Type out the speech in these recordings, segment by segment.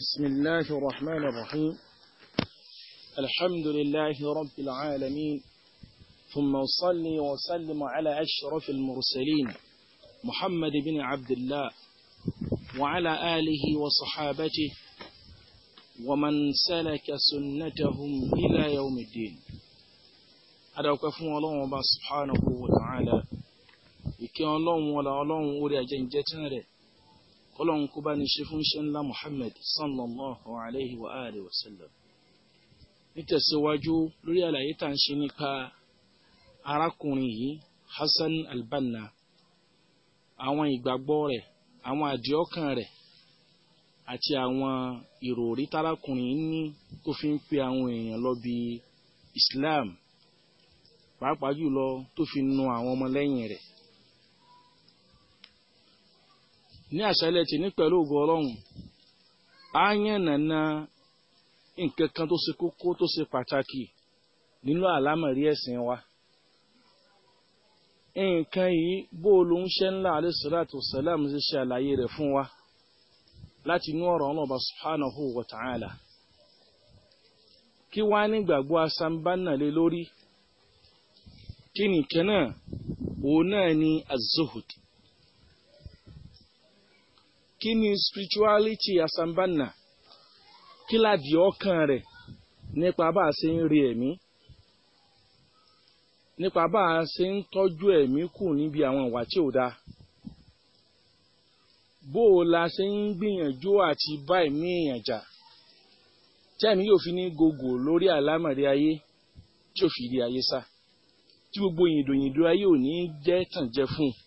بسم الله الرحمن الرحيم الحمد لله رب العالمين ثم أصلي وسلم على أشرف المرسلين محمد بن عبد الله وعلى آله وصحابته ومن سلك سنتهم إلى يوم الدين هذا كفو الله سبحانه وتعالى يكي الله ولا الله وريا جنجتنا kọ́lọ́hún kó bá ní ṣe fún ṣe ńlá Muhammad sallallahu alayhi wa alihi wa sallam nítẹ̀síwájú lórí àlàyé tá à ń ṣe nípa arákùnrin yìí Hassan al-Banna àwọn ìgbàgbọ́ rẹ̀ àwọn àdìọ́kàn rẹ̀ àti àwọn ìròrí tárákùnrin ní tó fi ń pe àwọn èèyàn lọ bí Islam pàápàá jùlọ tó fi nu àwọn ọmọlẹ́yìn rẹ̀ ní àṣálẹ́ tì ní pẹ̀lú ògo ọlọ́run á yàn nàna nǹkan kan tó ṣe kókó tó ṣe pàtàkì nínú àlámọ̀rí ẹ̀sìn wa nǹkan yìí bó ló ń ṣe ńlá alayhi salatu wassalam ṣe ṣe àlàyé rẹ̀ fún wa láti inú ọ̀rọ̀ ọlọ́ba subhanahu wa ta'ala kí wá nígbàgbọ́ asambánà lé lórí kí nìkan náà òun náà ni az kí ni spirituality asambana kí ládìí ọkàn rẹ̀ nípa bá a ṣe ń rí ẹ̀mí nípa bá a ṣe ń tọ́jú ẹ̀mí kù níbi àwọn ìwà tí ò dáa bó o la ṣe ń gbìyànjú àti bá ẹ̀mí èèyàn jà tẹ́mi yóò fi ní gogò lórí àlámọ̀rí ayé tí ò fi rí ayé sá tí gbogbo yìndòyìndò ayé ò ní jẹ́ tàn jẹ fún un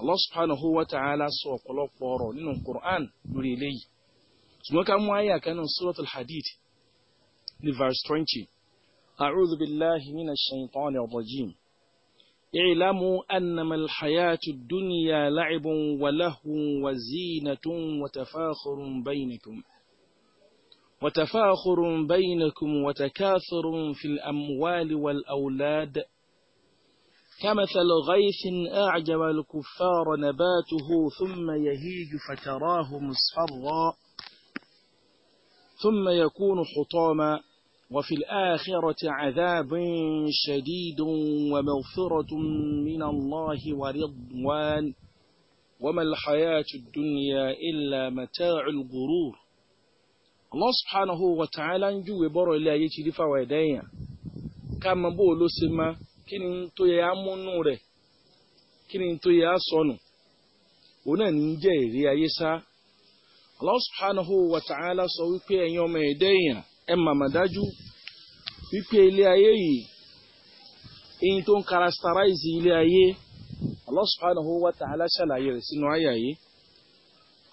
Allah subhanahu wa ta'ala sọ ọ̀pọ̀lọpọ̀ ọ̀rọ̀ nínú Qur'an lórí eléyìí ṣùgbọ́n ká mú àyà kan nínú suratul hadid ní verse 20. a'udhu billahi minash shaitani rrajim i'lamu annama alhayatu dunya la'ibun wa lahwun wa zinatun wa tafakhurun bainakum. Wa tafakhurun bainakum wa بينكم fil amwali wal awlad. كمثل غيث أعجب الكفار نباته ثم يهيج فتراه مصفرا ثم يكون حطاما وفي الآخرة عذاب شديد ومغفرة من الله ورضوان وما الحياة الدنيا إلا متاع الغرور الله سبحانه وتعالى ta'ala ń júwe bọ́rọ̀ ilé كما بولو سما kí ni tó yẹ amúnú rẹ̀ kí ni tó yẹ asọnù òun náà ní jẹ́ èrè ayé sá Allah subhanahu sọ wípé ẹ̀yin ọmọ ẹ̀dẹ́ èèyàn ẹ màmá dájú wípé ilé ayé yìí èyí tó ń karakitaraisi ilé ayé Allah subhanahu wa ta'ala ṣàlàyé rẹ̀ sínú àyà yìí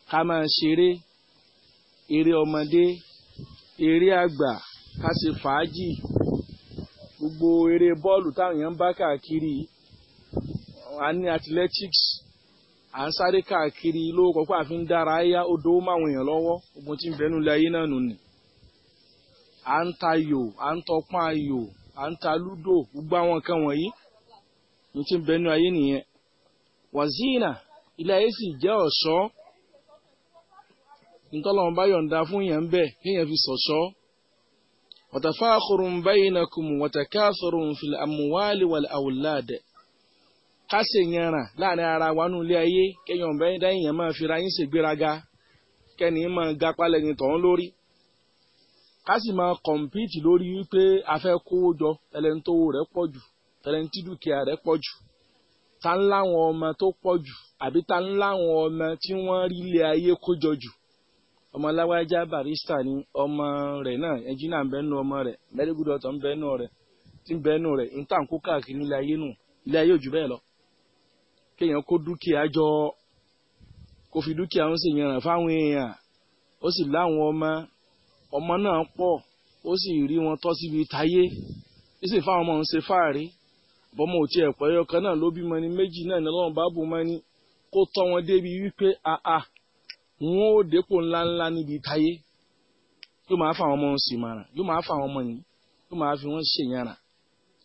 ká máa ṣeré eré ọmọdé eré àgbà ká ṣe fàájì gbogbo eré bọ́ọ̀lù táwọn èèyàn ń bá káàkiri a ní athletics à ń sáré káàkiri lóòkọ́ pé àfi ń dára odò ó máwọn èèyàn lọ́wọ́ ogun tí ń bẹnu ilé ayé náà nù ni à ń à ń tọpọ́n ayò à ń ta lúdò gbogbo àwọn nǹkan wọ̀nyí ní tí ń bẹnu ayé nìyẹn وتفاخر بينكم وتكاثر في الأموال والأولاد kásẹ̀ yanra láàrin ara wa nù ilé ayé kéèyàn bẹ́ẹ̀ dáìyàn máa fira yín ṣègbéraga kẹ́ni máa gapá lẹ́ni tọ̀hún lórí kásì máa kọ̀mpìtì lórí wípé a fẹ́ kówó jọ tẹlẹ́ni tówó rẹ̀ pọ̀ jù tẹlẹ́ni tí dúkìá rẹ̀ pọ̀ jù ta tó pọ̀ àbí ta ń láwọn tí wọ́n rí ilé kó jọ ọmọ láwájá barista ni ọmọ rẹ̀ náà ẹnjìnà ń bẹ nù ọmọ rẹ̀ mẹrígùdù ọtọ ń bẹ nù rẹ̀ tí ń bẹ nù rẹ̀ ń tàn kó káàkiri ilé ayé nù ilé ayé òjú bẹ́ẹ̀ lọ kéèyàn kó dúkìá jọ kó fi dúkìá ń ṣèyàn ràn fáwọn èèyàn ó sì láwọn ọmọ ọmọ náà pọ̀ ó sì rí wọn tọ́ síbi táyé ó sì fáwọn ọmọ ń ṣe fáàrí bọ́mọ òtí ẹ̀pọ̀ ẹyọ náà ló bímọ ni méjì náà ni ọlọ́run bá bù mọ́ ni kó tọ́ wọn débi wípé àà wọn ó dépò ńláńlá níbi táyé yóò máa fa àwọn ọmọ sí mara yóò máa fa àwọn ọmọ yìí yóò máa fi wọ́n ṣèyànrà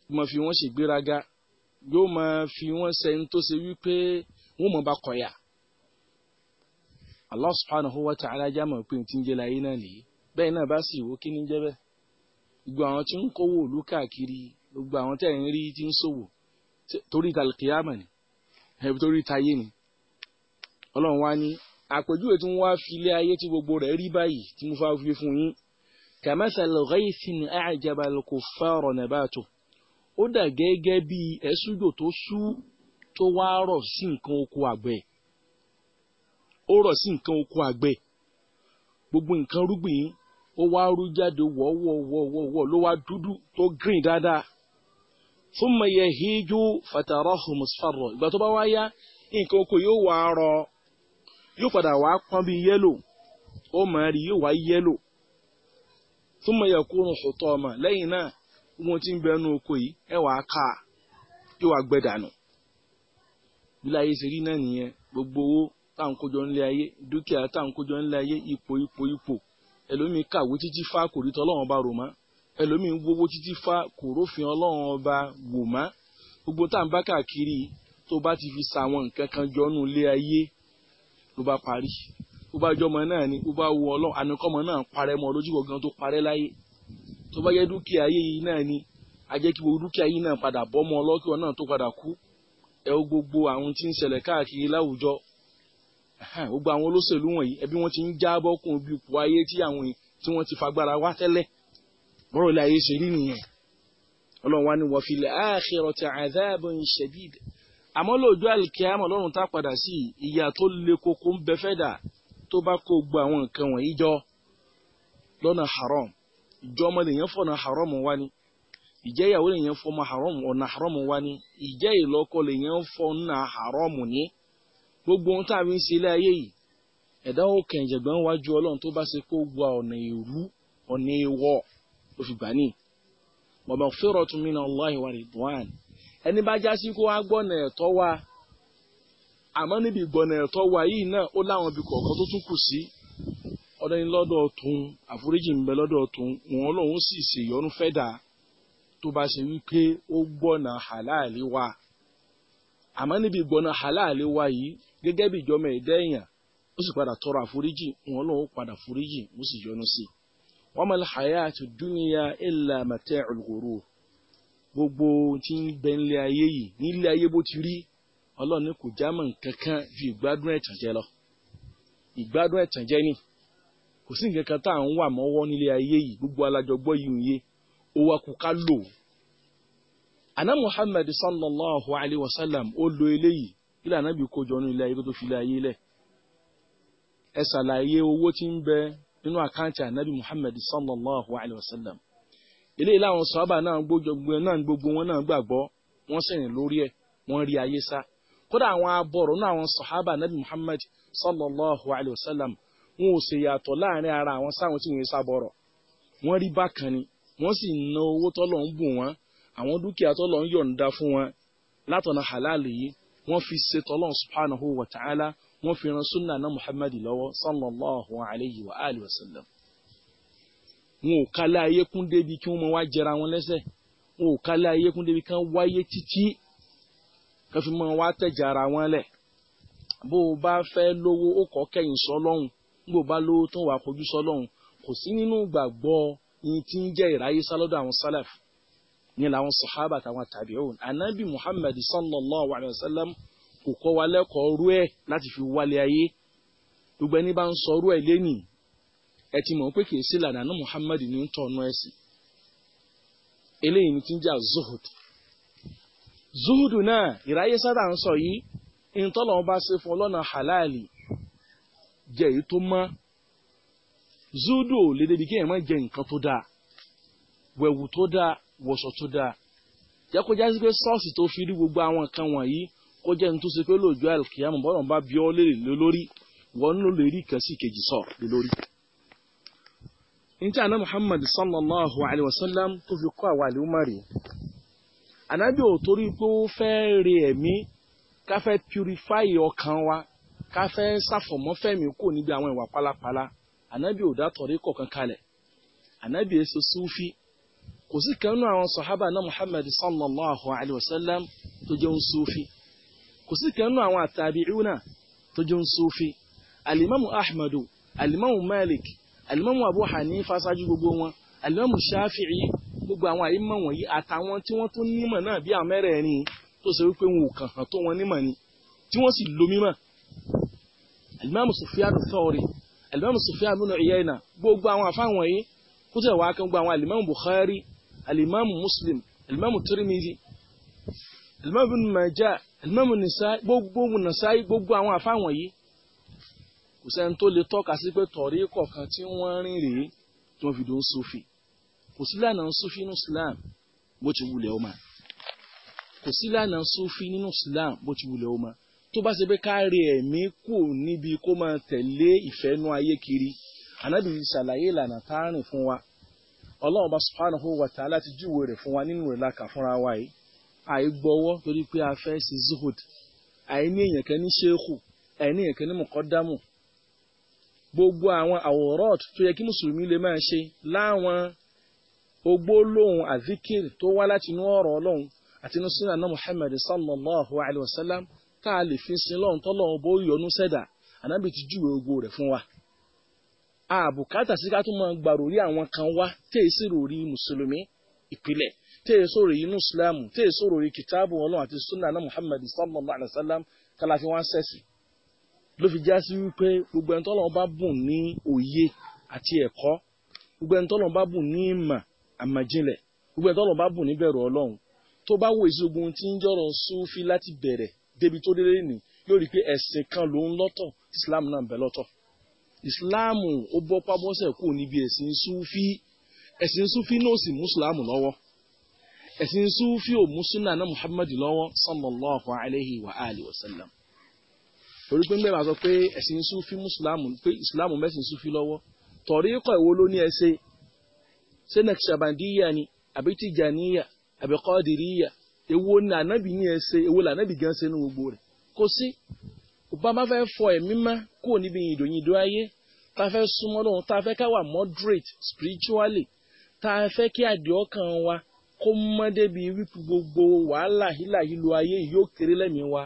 yóò máa fi wọ́n ṣègbéraga yóò máa fi wọ́n sẹ́yìn tó ṣe wípé wọ́n mọ̀ bá kọ̀yà. Allah subhanahu wa ta'ala já mọ̀ pé ti ń jẹ́ láyé náà nìyí bẹ́ẹ̀ náà bá sì wò kí ni jẹ́ bẹ́ẹ̀. gbogbo àwọn tí ń kówó òlú káàkiri gbogbo àwọn tẹ̀ ń rí tí ń ṣòwò torí talqiyama ni torí tayé ni ọlọ́run wá ní àpèjúwe tí wọ́n wá fi ilé ayé tí gbogbo rẹ̀ rí báyìí tí mo fà fi fún yín kàmáṣàlẹ ọgáyìísìn àjàbalẹ kò fa ọ̀rọ̀ nàbàtò ó dà gẹ́gẹ́ bí ẹ̀sùjò tó sú tó wá rọ̀ sí nǹkan oko àgbẹ̀ ó rọ̀ sí nǹkan oko àgbẹ̀ gbogbo nǹkan rúgbìn ó wá rú jáde wọ́wọ́wọ́wọ́ ló wá dúdú tó green dáadáa fún mẹyẹ híjú fatarahu musfarro ìgbà tó bá wá nǹkan oko yóò wá rọ̀ yóò padà wá pọ́n bí yẹ́lò ó máa rí yóò wá yẹ́lò tó mọ̀ yẹ kó rùn sọ̀tọ̀ ọmọ lẹ́yìn náà wọn ti ń bẹnu oko yìí ẹ wàá ká yóò wá gbẹ dànù ilé ayé ṣe rí náà nìyẹn gbogbo owó tá à ń kójọ nílé ayé dúkìá tá à ń kójọ nílé ayé ipò ipò ipò ẹlòmíín kàwé títí fá kò rí tọ́lọ́run ọba rò mọ́ ẹlòmíín wówó títí fá kò rófin ọlọ́run ọba wò mọ́ gbogbo tá à ń bá káàkiri tó bá ti fi sa àwọn nǹkan kan jọ nù ilé ayé ló bá parí ó bá jọmọ náà ni ó bá wọ ọlọ́run àníkọ́mọ náà parẹ́ mọ́ lójú ọ̀gán tó parẹ́ láyé tó bá yẹ dúkìá yìí náà ni a kí gbogbo dúkìá yìí náà padà bọ́ mọ́ ọlọ́kìwọ́ náà tó padà kú ẹ ó gbogbo àwọn tí ń ṣẹlẹ̀ káàkiri láwùjọ gbogbo àwọn olóṣèlú wọ̀nyí ẹbí wọ́n ti ń jábọ́ kún bí ipò ayé tí àwọn tí wọ́n ti fagbára wá tẹ́lẹ̀ bọ́rọ̀ ilé ayé ṣe rí nìyẹn ọlọ́run wa ni wa fil akhirati adhabun shadid àmọ́ lọ́jọ́ àlùkìyàmọ̀ lọ́run tá a padà sí ìyà tó le koko ń bẹ fẹ́dà tó bá kó gbọ́ àwọn nǹkan wọ̀nyí jọ lọ́nà haram ìjọ ọmọ lèèyàn fọ̀nà haram wá ní ìjẹ́ ìyàwó lèèyàn fọmọ ọ̀nà haram wá ní ìjẹ́ ìlọ́kọ lèèyàn fọ̀nà haram gbogbo ohun tá ń ṣe ilé ayé yìí ẹ̀dá wájú ọlọ́run tó bá ṣe kó ọ̀nà ìlú ọ̀nà ẹni bá jásí kó wá gbọ́nà ẹ̀tọ́ wa àmọ́ níbi ìgbọ̀nà ẹ̀tọ́ wa yìí náà ó láwọn ibi kọ̀ọ̀kan tó tún kù sí ọdọ ní lọ́dọ̀ tún àforíjì ń bẹ lọ́dọ̀ tún wọn lòun sì ṣèyọnu fẹ́dà tó bá ṣe wípé ó gbọ́nà hàláàlì wa àmọ́ níbi ìgbọ̀nà hàláàlì wa yìí gẹ́gẹ́ bí ìjọba ẹ̀dá èèyàn ó sì padà tọrọ àforíjì wọn lòun padà foríjì ó sì yọnu sí i. wamal hayatu dunya illa mata'ul ghurur gbogbo tí ń bẹ nílé ayé yìí nílé ayé bó ti rí ọlọ́run ní kò já mọ́ nǹkan kan ju ìgbádùn ẹ̀tàn jẹ lọ ìgbádùn ẹ̀tàn jẹ ni kò sí nǹkan kan tá à ń wà mọ́wọ́ nílé ayé yìí gbogbo alájọgbọ́ yìí òye ó wá kú ká lò ó. àná Muhammad sallallahu alayhi wa sallam ó lo eléyìí ilé ànábì kojọ ní ilé ayé tó tó fi ilé ayé lẹ̀ ẹ ṣàlàyé owó tí ń bẹ nínú àkáǹtì ànábì Muhammad sallallahu alayhi wa sallam eléyìí láwọn sábà náà gbogbo náà gbogbo wọn náà gbàgbọ́ wọ́n sì rìn lórí ẹ̀ wọ́n rí ayé sá kódà àwọn abọ̀rọ̀ náà àwọn sàhábà nabi muhammad sallallahu alayhi wa sallam wọn ò ṣe yàtọ̀ láàrin ara àwọn sáwọn tí wọ́n ń sábọ̀rọ̀ wọ́n rí bákan ni wọ́n sì ná owó tọ́lọ̀ ń bù wọ́n àwọn dúkìá tọ́lọ̀ ń yọ̀ǹda fún wọn látọ̀nà halal yìí wọ́n fi ṣe tọ́lọ̀ subhanahu wa ta'ala wọ́n fi ran sunna na muhammad lọ́wọ́ sallallahu alayhi wa alihi wa sallam wọn ò kálẹ̀ ayé kún débi kí wọ́n mọ wá jẹra wọn lẹ́sẹ̀ wọn ò kálẹ̀ ayé kún débi kí wáyé títí kan mọ wá tẹ̀jà wọn lẹ̀ bó o bá fẹ́ lówó ó kọ́ kẹ́yìn sọlọ́hún bó o bá lówó tó wàá kojú sọlọ́hún kò sí nínú gbàgbọ́ yìí tí ń jẹ́ ìráyé sálọ́dọ̀ àwọn sálẹ̀f ní làwọn sàhábà àtàwọn tàbíùn ànábì muhammad sallallahu alayhi wa sallam kò kọ́ wa lẹ́kọ̀ọ́ rú ẹ̀ láti fi wálé ayé gbogbo ẹni bá ń sọ rú ẹ̀ lénìí ẹ ti mọ̀ pé la í Muhammadu lànà Muhammad ní ń tọ́ ọ̀nà ti zuhud zuhudu na ìráyé sábà ń sọ yìí ìtọ́lọ̀ ọba ṣe fún halali jẹ́ èyí tó mọ́ zuhudu ò lè débi kéèyàn má to daa, tó to wẹ̀wù tó to wọṣọ fi gbogbo awọn nǹkan wọ̀nyí kó ní tí àná Muhammad sallallahu alayhi wa sallam tó fi kọ́ àwọn àlùmọ́ rè ànábì ò torí pé ó fẹ́ re ẹ̀mí ká fẹ́ purify ọkàn wa ká fẹ́ ṣàfọ̀mọ́fẹ́mi kò níbi àwọn ìwà pálapàla ànábì ò dá tọ̀rí kọ̀ọ̀kan kalẹ̀ ànábì èso súfì kò sí kan nínú àwọn sọ̀hábà náà Muhammad sallallahu alayhi wa sallam tó jẹ́ ń kò sí kan nínú àwọn àtàbíùnà tó jẹ́ ń súfì Ahmadu alimamu Malik alimọ́mù Abu Hanifa ṣáájú gbogbo wọn alimọ́mù Shafi'i gbogbo àwọn àyímọ̀ wọ̀nyí àtàwọn tí wọ́n tún nímọ̀ náà bí àwọn mẹ́rẹ̀ẹ̀rin tó ṣe wípé wọn ò kàn hàn tó wọn nímọ̀ ni tí wọ́n sì lo mímọ̀ alimọ́mù Sufyan Thawri alimọ́mù Sufyan ibn Uyayna gbogbo àwọn àfáwọn wọ̀nyí kó wá kan gbogbo àwọn alimọ́mù Bukhari alimọ́mù Muslim alimọ́mù Tirmidhi alimọ́mù Majah alimọ́mù Nasa'i gbogbo Nasa'i gbogbo àwọn àfáwọn yìí kò sẹ́ni tó lè tọ́ka sí pé tọ̀rí kọ̀ọ̀kan tí wọ́n rìn rèé tí wọ́n fi dó ń sufi kò sí lànà sufi nínú Islam bó ti wulẹ̀ ọmọ kò sí lànà sufi nínú Islam bó ti wulẹ̀ ọmọ tó bá ṣe pé káre ẹ̀mí kù níbi kó máa tẹ̀lé ìfẹ́nú ayé kiri ànábì ṣàlàyé ìlànà tààrin fún wa ọlọ́run bá subhanahu wa ta'ala ti júwe rẹ̀ fún wa nínú rẹ̀ láka fúnra wa yìí àìgbọ́wọ́ torí pé a fẹ́ ṣe zuhud àìní èèyàn kan ní ṣéèkù àìní èèyàn kan ní mọ̀kọ́dámù gbogbo àwọn àwòrán tó yẹ kí mùsùlùmí lè máa ṣe láwọn ogbólóhùn àzíkìrì tó wá láti inú ọ̀rọ̀ ọlọ́run àti inú sunnah náà muhammed sallallahu alayhi wa sallam tá a lè fi sin lọ́run tọ́lọ́run bó yọnu sẹ́dà ànábì ti júwe ogbó rẹ̀ fún wa. àbùkátà sí ká tún máa gbàròrí àwọn kan wá téèsì ròrí mùsùlùmí ìpìlẹ̀ téèsì ròrí inú ìsìlámù téèsì ròrí kìtàbù ọlọ́run àti sunnah náà muhammed sallallahu alayhi wa sallam kálá fi ló fi já sí wípé gbogbo ẹni tọ́lọ́run bá bùn ní òye àti ẹ̀kọ́ gbogbo ẹni tọ́lọ́run bá bùn ní ìmọ̀ àmàjinlẹ̀ gbogbo ẹni tọ́lọ́run bá bùn ní bẹ̀rù ọlọ́run tó bá wo ìṣogun tí ń jọ̀rọ̀ sófi láti bẹ̀rẹ̀ débi tó délé nì yóò rí i pé ẹ̀sìn kan ló ń lọ́tọ̀ islam náà bẹ̀ lọ́tọ̀ islam ó bọ́ pábọ́sẹ̀ kù níbi ẹ̀sìn súfí ẹ̀sìn súfí náà sì mú islam lọ́wọ́ ẹ̀sìn sallallahu alayhi wa alihi wa sallam torí pé mẹ́wàá sọ pé ẹ̀sìn sufi mùsùlámù pé ìsìlámù mẹ́sìn sufi lọ́wọ́ tọ̀rí kọ̀ ìwo ló ní ẹ ṣe ṣé nàkṣàbàndíyà ni àbí tìjàníyà àbí kọ́dìríyà èwo ni ànábì ní ẹ ṣe èwo lànábì gan ṣe ní gbogbo rẹ̀ kò sí òbá má fẹ́ fọ ẹ̀mí má kúrò níbi ìdòyìndó ayé tá a fẹ́ súnmọ́ lọ́hùn tá a fẹ́ ká wà moderate spiritually tá a fẹ́ kí àdìọ́kàn wa kó mọ́ débi wípé gbogbo wàhálà hílàhílo ayé yóò kéré lẹ́mìí wa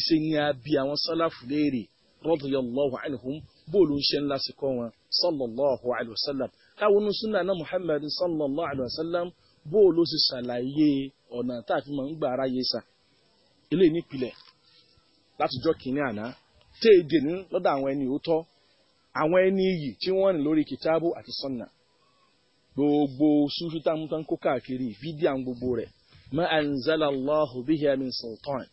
ìṣe ni a bi àwọn sálàfù léèrè radiyallahu anhum bóòlù ń ṣe ńlá sí kọ́ wọn sallallahu alayhi wa sallam káwọn ní sunna náà muhammad sallallahu alayhi wa sallam bóòlù sì ṣàlàyé ọ̀nà tá a fi máa ń gbà ara yé sa eléyìí nípìnlẹ̀ látijọ́ kìíní àná tẹ́ èdè ní lọ́dọ̀ àwọn ẹni òótọ́ àwọn ẹni iyì tí wọ́n rìn lórí kìtáàbù àti sunna gbogbo sufi tá a mú tán kó káàkiri fídíà gbogbo rẹ̀ ma anzalallahu bihi min sultan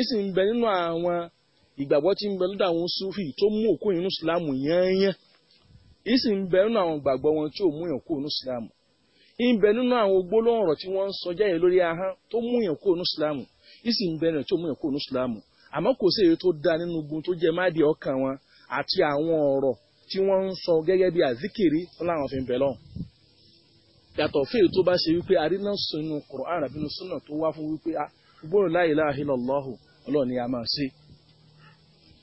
isi mbẹ nínú àwọn ìgbàgbọ́ tí ń bẹ lọ́dọ̀ àwọn sufi tó mú òkú nínú ìsìlámù yányán isi ń nínú àwọn ìgbàgbọ́ wọn tí ò mú yàn kú nínú àwọn tí wọ́n ń sọ tó mú yàn kú nínú tí ò mú yàn kú èyí tó da nínú ogun tó jẹ má di wọn àti àwọn ọ̀rọ̀ tí wọ́n ń sọ gẹ́gẹ́ bí láwọn fi ń ọlọ́run ni a máa ṣe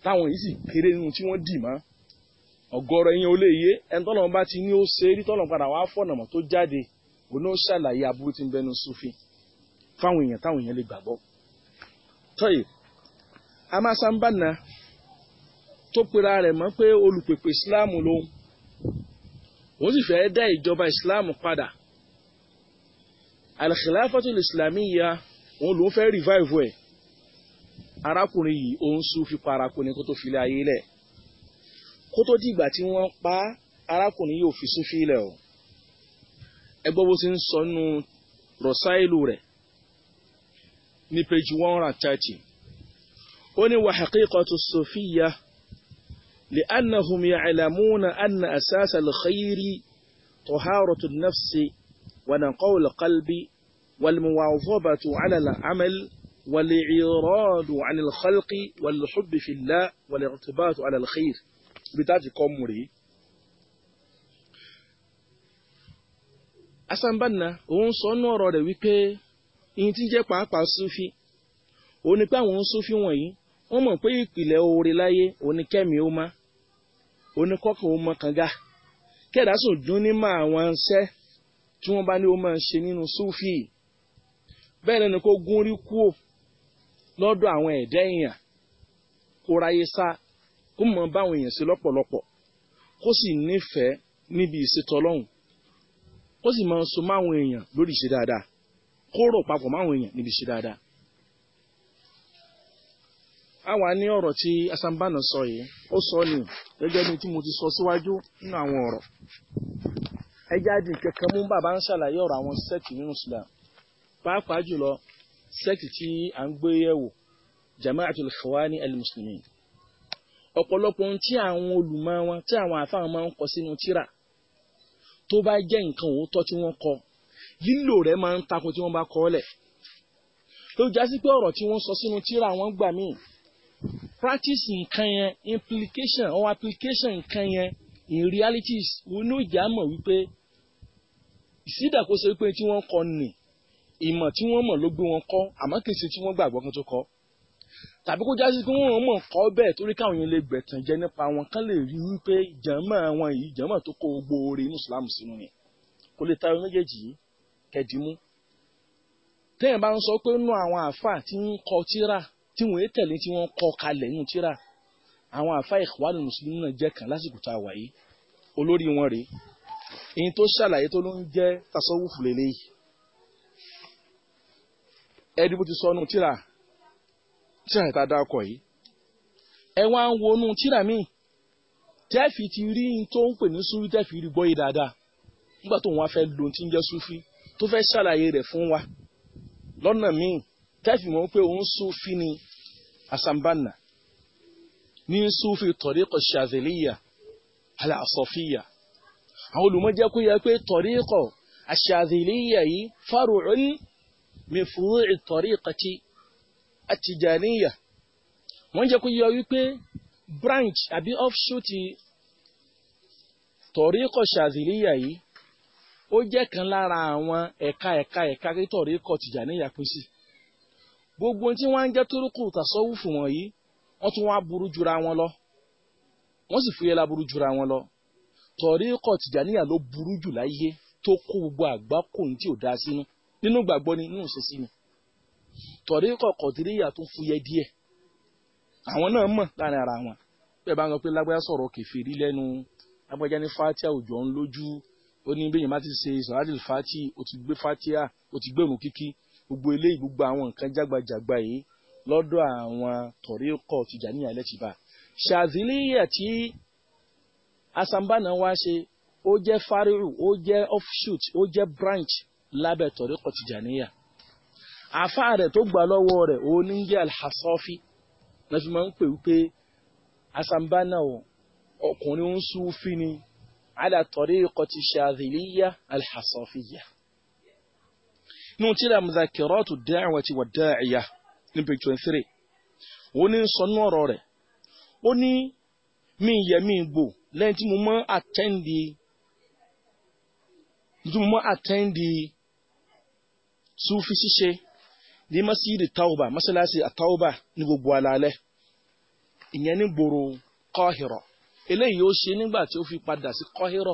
táwọn yìí sì kéré nínú tí wọ́n dì mọ́ ọ̀gọ̀rọ̀ yẹn ò lè yé ẹni tọ́lọ́run bá ti ní ó ṣe rí tọ́lọ́run padà wàá fọ̀nàmọ́ tó jáde òun ó ṣàlàyé aburú tí ń bẹnu sufi fáwọn èèyàn táwọn èèyàn lè gbàgbọ́. tọ́yì amásánbànà tó pera rẹ̀ mọ́ pé olùpèpè ìsìláàmù lòun òun sì fẹ́ẹ́ dá ìjọba ìsìláàmù padà al-khilafatul islamiyya òun lòun fẹ́ revive ẹ̀ arákùnrin yìí ó ń súfì paraku ni kó tó filẹ̀ ayé lẹ̀ kó tó dìgbà tí wọ́n pa arákùnrin yìí ò fi súfì lẹ̀ o ẹgbẹ́ bó ti ń sọ nínú rọ̀sáìlù rẹ̀ ní page one hundred and ó ní wa haqiqatu sufiyya li'annahum ya'lamuna anna asasa al-khayri طهارة النفس ونقول القلب والمواظبة على العمل والإعراض عن الخلق والحب في الله والارتباط على الخير بتاعتي كوموري asambanna òun sọ nú ọ̀rọ̀ rẹ̀ wípé ihun tí ń jẹ́ pàápàá sufi òun ni pé àwọn sufi wọ̀nyí wọ́n mọ̀ pé ìpìlẹ̀ oore láyé òun ni kẹ́mi ó má òun ni kọ́kàn ó mọ kànga kẹ́ẹ̀dá sùn dún ní mọ àwọn iṣẹ́ tí wọ́n bá ní ó máa ṣe nínú sufi bẹ́ẹ̀ ni kó gún orí kúò lọ́dọ̀ àwọn ẹ̀dá èèyàn kó ráyé sá kó mọ̀ báwọn èèyàn ṣe lọ́pọ̀lọpọ̀ kó sì nífẹ̀ẹ́ níbi ìṣètò ọlọ́run kó sì máa so máwọn èèyàn lórí ìṣe dáadáa kó rò papọ̀ máwọn èèyàn níbi ìṣe dáadáa. àwa ní ọ̀rọ̀ tí asambana sọ yìí ó sọ ni gẹ́gẹ́ bí tí mo ti sọ síwájú nínú bàbá ń ṣàlàyé ọ̀rọ̀ àwọn sẹ́ẹ̀kì nínú pàápàá sẹ́ẹ̀tì tí à ń gbé yẹ̀wò jama'atul ikhwani al-muslimin ọ̀pọ̀lọpọ̀ ohun tí àwọn olùmọ̀ wọn tí àwọn àfáà máa ń kọ sínú tírà tó bá jẹ́ nǹkan òótọ́ tí wọ́n kọ lílò rẹ̀ máa ń takò tí wọ́n bá kọ́ lẹ̀ ló já pé ọ̀rọ̀ tí wọ́n sọ sínú tírà wọn gbà míì practice nǹkan yẹn implication or application nǹkan yẹn in realities wọn ní ó jà mọ̀ wípé ìsídàkóso pé tí wọ́n kọ nìyí ìmọ̀ tí wọ́n mọ̀ ló gbé wọn kọ́ àmọ́ kì í ṣe tí wọ́n gbàgbọ́ kan tó kọ́ tàbí kó jásí pé wọ́n mọ̀ kọ́ bẹ́ẹ̀ torí káwọn yẹn lè gbẹ̀tàn jẹ nípa wọn kán lè rí wípé jàmọ́ wọn yìí jàmọ́ tó kó gbogbo oore inú ìsìlámù sínú ni kò lè tayọ méjèèjì yìí kẹdìmú téèyàn bá ń sọ pé nú àwọn àáfàá tí ń kọ tíra tí wọ́n tẹ̀lé tí wọ́n kọ kalẹ̀ nínú tíra àwọn àáfàá ìkwánu mùsùlùmí náà jẹ́ kan lásìkò tá a wà olórí wọn rèé èyí tó ṣàlàyé tó ló ń jẹ́ tasọ́wùfù lélẹ́yìí ẹni bó ti sọ ọ́nù tíra tíra ìta dákọ̀ yìí ẹ wá ń wonú tíra míì tẹ́ẹ̀fì ti rí in tó ń pè ní súfì tẹ́ẹ̀fì rí gbọ́yé dáadáa nígbà tó wọn fẹ́ lo ti ń jẹ́ súfì tó fẹ́ ṣàlàyé rẹ̀ fún wa lọ́nà míì tẹ́ẹ̀fì mọ̀ pé òun ni asambana ní ṣàzẹ̀líyà àwọn olùmọ̀jẹ́ kó yẹ pé yìí min furu'i at-tariqati at-tijaniyya wọ́n jẹ́ kó yọ wípé branch àbí offshoot tọ̀ríkọ̀ ṣàzìlíyà yìí ó jẹ́ kan lára àwọn ẹ̀ka ẹ̀ka ẹ̀ka kí tọ̀ríkọ̀ tìjàníyà pín sí. gbogbo tí wọ́n ń jẹ́ turuku tasawufu wọ̀nyí wọ́n tún wá burú jura wọn lọ wọ́n sì fúyẹ́ la burú jura wọn lọ tọ̀ríkọ̀ tìjàníyà ló burú jù láyé tó kó gbogbo àgbákò ní tí ò dá sínú. Si nínú gbàgbọ́ ni nínú ìṣesí ni tọ̀rí kọ̀kọ̀ tìríyà tó fúyẹ́ díẹ̀ àwọn náà mọ̀ láàrin ara wọn bẹ́ẹ̀ bá ń sọ pé lágbájá sọ̀rọ̀ kẹfìrí lẹ́nu lágbájá ní fatia òjò ń lójú ó ní bẹ́yìn má ti ṣe sọ̀rọ̀ fati ó ti gbé fatia ó ti gbé òun kíkí gbogbo eléyìí gbogbo àwọn nǹkan jágbajàgba yìí lọ́dọ̀ àwọn tọ̀rí kọ̀ tìjàníyà lẹ́tìbà ṣàzìlíyà tí asambana wá ṣe ó jẹ́ fariu ó jẹ́ offshoot ó jẹ́ branch lábẹ́ tọ̀ríkọ̀ tìjàníyà àfa rẹ̀ tó gbà lọ́wọ́ rẹ̀ òun ní jẹ́ alhassofi lọ́fi máa ń pè wípé asambana ọkùnrin ń súnfí ni ala tọ̀ríkọ̀ ti ṣàdìlíyà alhassofiya inú tíra muzakiratu da'wati wa da'iya ní page twenty three òun ní sọ ọ̀rọ̀ rẹ̀ ó ní mí yẹ mí gbò lẹ́yìn tí mo mọ́ àtẹ́ndì súfì ṣíṣe ní masidi tauba masalasi atauba ní gbogbo alalẹ́ ìyẹn ní gbòòrò Qahira eléyìí ó ṣe nígbà tí ó fi padà sí Qahira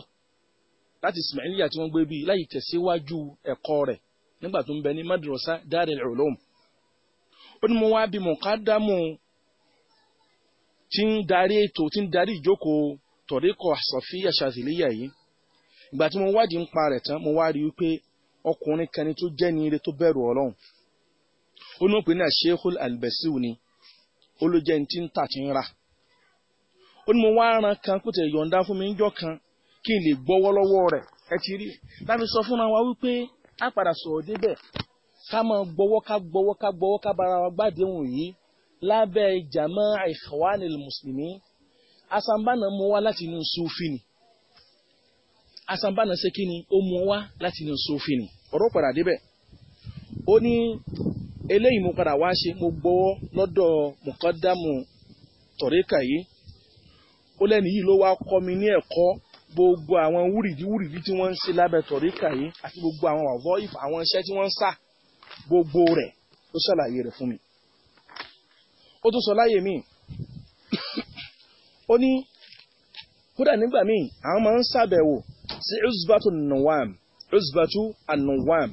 láti Ismailiya tí wọ́n gbé bí láyìí tẹ̀síwájú ẹ̀kọ́ rẹ̀ nígbà tó ń bẹ ní madrasa Darul Ulum ó ní mo wá bí mọ̀kádámù tí ń darí ètò tí ń darí ìjókòó tọ̀ríkọ̀ Safiyya Shadhiliyya yìí ìgbà tí mo wádìí ń pa rẹ̀ tán mo wá rí i pé ọkùnrin kan ni tó jẹ́ ní ire tó bẹ̀rù ọlọ́run ó ní òpin náà Sheikhul Albasiu ni ó ló jẹ́ ní tí ń tà tí ń rà ó ní mo wá ran kan kó tẹ̀ yọ̀ǹda fún mi níjọ́ kan kí n lè gbọ́wọ́ lọ́wọ́ rẹ̀ ẹ ti rí láti sọ fúnra wa wípé á padà sọ̀rọ̀ débẹ̀ ká máa gbọ́wọ́ ká gbọ́wọ́ ká gbọ́wọ́ ká bára wa gbádùn yìí lábẹ́ Jamaa Ikhwanil Muslimin asambana mú wá láti inú Sufi ni asambana ṣe kí ni ó mú wá láti inú Sufi ni ọ̀rọ̀ padà débẹ̀ ó ní eléyìí mo padà wá ṣe mo gbọ́wọ́ lọ́dọ̀ mùkọ́dámù tọ̀ríkà yìí ó lẹ́nu yìí ló wá kọ́ mi ní ẹ̀kọ́ gbogbo àwọn wúrìdí wúrìdí tí wọ́n ń ṣe lábẹ́ tọ̀ríkà yìí àti gbogbo àwọn ọ̀vọ́ ìfà àwọn iṣẹ́ tí wọ́n ń sà gbogbo rẹ̀ ó ṣàlàyé rẹ̀ fún mi ó tún sọ láyè míì ó ní kódà nígbà míì àwọn máa ń ṣàbẹ̀wò sí uzbatun nawam Uzbatu Anuwam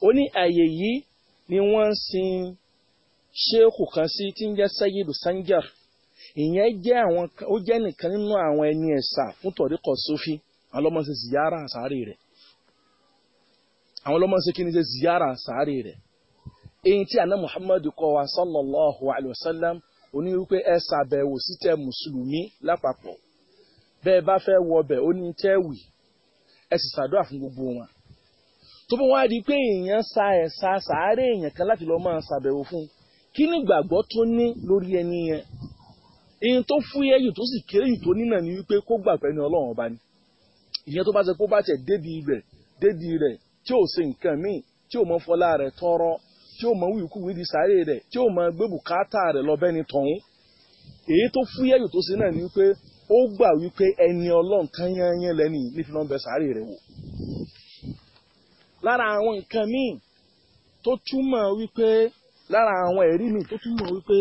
ó ní àyè yìí ni wọ́n ń sin ṣéèkù kan sí tí ń jẹ́ Sayyidu Sanjar ìyẹn jẹ́ àwọn ó jẹ́ nìkan nínú àwọn ẹni ẹ̀sà fún tọ̀ríkọ̀ Sufi àwọn ọmọ ṣe ziyara sáré rẹ̀ àwọn ọmọ kí ni ṣe ziyara sáré rẹ̀ èyí tí àná Muhammadu kọ wa sallallahu alayhi wa sallam oní wípé ẹ ṣàbẹ̀wò sí tẹ mùsùlùmí lápapọ̀ bẹ́ẹ̀ bá fẹ́ wọbẹ̀ ó ní tẹ́wì ẹ sì ṣàdúrà fún gbogbo wọn tó bá wá di pé èèyàn sa ẹ̀sà sàárè èèyàn kan láti lọ́ọ́ máa ṣàbẹ̀wò fún kí ni ìgbàgbọ́ tó ní lórí ẹni yẹn èyí tó fúyẹ́ yìí tó sì kéré yìí tó ní náà ni wípé kó gbà pé ní ọlọ́run ọba ni ìyẹn tó bá ṣe kó bá tẹ̀ dédi ibẹ̀ dédi rẹ̀ tí ò ṣe nǹkan míì tí ò mọ fọlá rẹ̀ tọrọ tí ò mọ wíwíkú wí di sáré rẹ̀ tí ò mọ gbé rẹ̀ lọ tọ̀hún èyí tó fúyẹ́ yìí tó ṣe náà ni wípé ó gbà wípé ẹni ọlọ́run kan yányán lẹ́ni nífi náà bẹ sàárè rẹ̀ wò lára àwọn nǹkan míì tó túmọ̀ wípé lára àwọn ẹ̀rí míì tó túmọ̀ wípé